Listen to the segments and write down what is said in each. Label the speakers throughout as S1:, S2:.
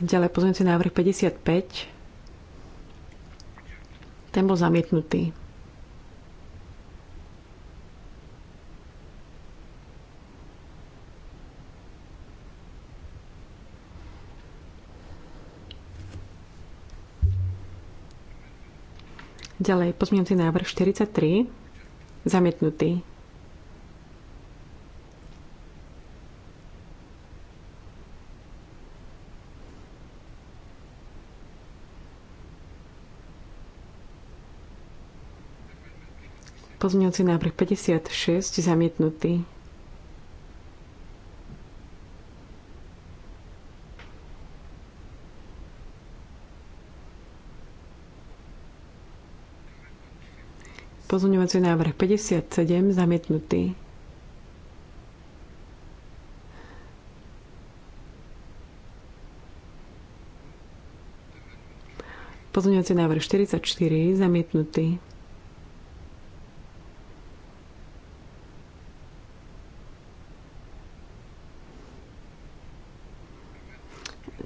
S1: Ďalej pozmeňujúci návrh 55. Ten bol zamietnutý. Ďalej pozmeňujúci návrh 43. Zamietnutý. Pozmeňujúci návrh 56 zamietnutý. Pozmeňovací návrh 57 zamietnutý. Pozmeňovací návrh 44 zamietnutý.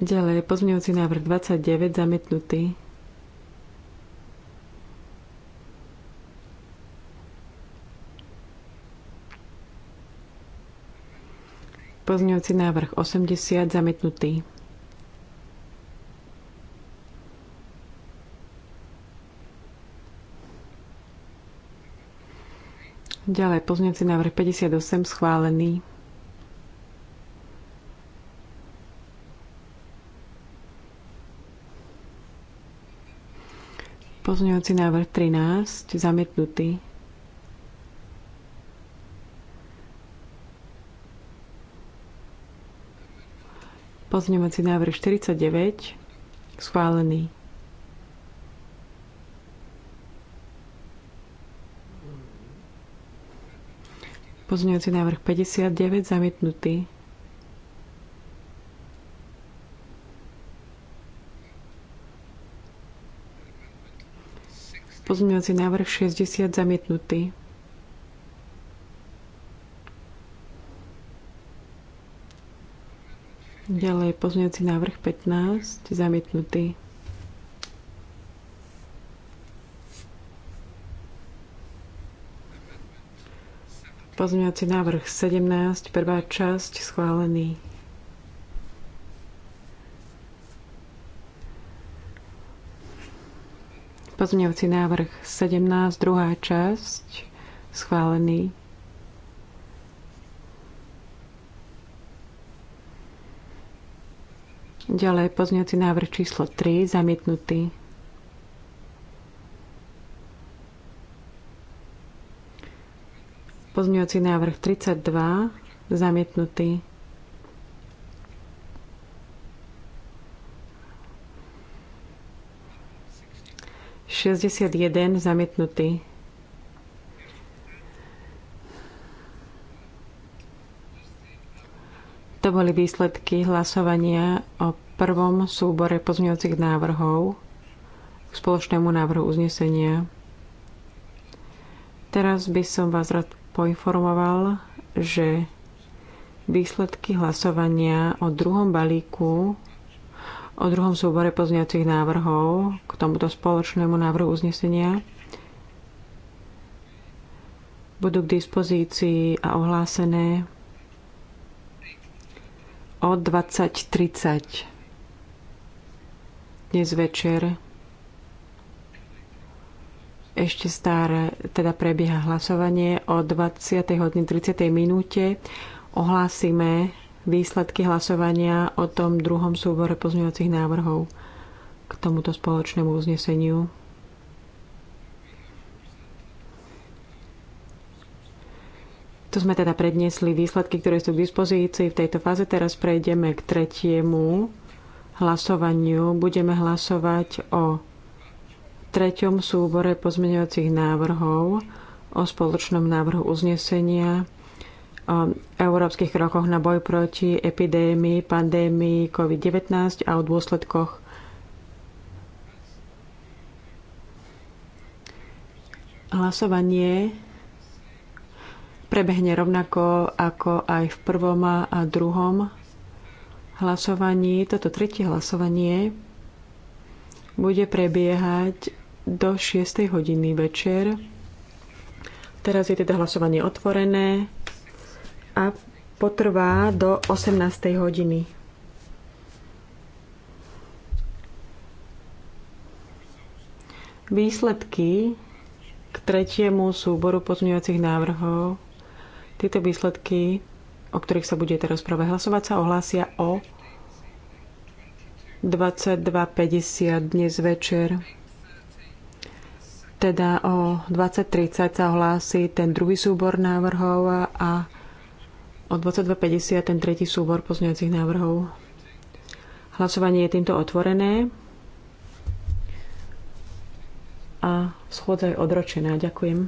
S1: Ďalej, pozmeňujúci návrh 29 zamietnutý. Pozňujúci návrh 80 zamietnutý. Ďalej pozňujúci návrh 58 schválený. Pozňujúci návrh 13, zamietnutý. Pozňujúci návrh 49, schválený. Pozňujúci návrh 59, zamietnutý. Pozmeňovací návrh 60 zamietnutý. Ďalej pozmeňovací návrh 15 zamietnutý. Pozmeňovací návrh 17, prvá časť, schválený. Pozmeňovací návrh 17, druhá časť, schválený. Ďalej pozňujúci návrh číslo 3, zamietnutý. Pozňujúci návrh 32, zamietnutý. 61 zamietnutý. To boli výsledky hlasovania o prvom súbore pozmeňujúcich návrhov k spoločnému návrhu uznesenia. Teraz by som vás rád poinformoval, že výsledky hlasovania o druhom balíku o druhom súbore pozňacích návrhov k tomuto spoločnému návrhu uznesenia budú k dispozícii a ohlásené o 20.30 dnes večer ešte stále teda prebieha hlasovanie o 20.30. minúte ohlásime výsledky hlasovania o tom druhom súbore pozmeňovacích návrhov k tomuto spoločnému uzneseniu. Tu sme teda predniesli výsledky, ktoré sú k dispozícii v tejto fáze. Teraz prejdeme k tretiemu hlasovaniu. Budeme hlasovať o treťom súbore pozmeňovacích návrhov o spoločnom návrhu uznesenia o európskych krokoch na boj proti epidémii, pandémii COVID-19 a o dôsledkoch hlasovanie prebehne rovnako ako aj v prvom a druhom hlasovaní. Toto tretie hlasovanie bude prebiehať do 6. hodiny večer. Teraz je teda hlasovanie otvorené a potrvá do 18. hodiny. Výsledky k tretiemu súboru pozmeňovacích návrhov. Tieto výsledky, o ktorých sa bude teraz práve hlasovať, sa ohlásia o 22.50 dnes večer. Teda o 20.30 sa ohlási ten druhý súbor návrhov a o 22.50 ten tretí súbor pozňujúcich návrhov. Hlasovanie je týmto otvorené a schôdza je odročená. Ďakujem.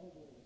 S2: always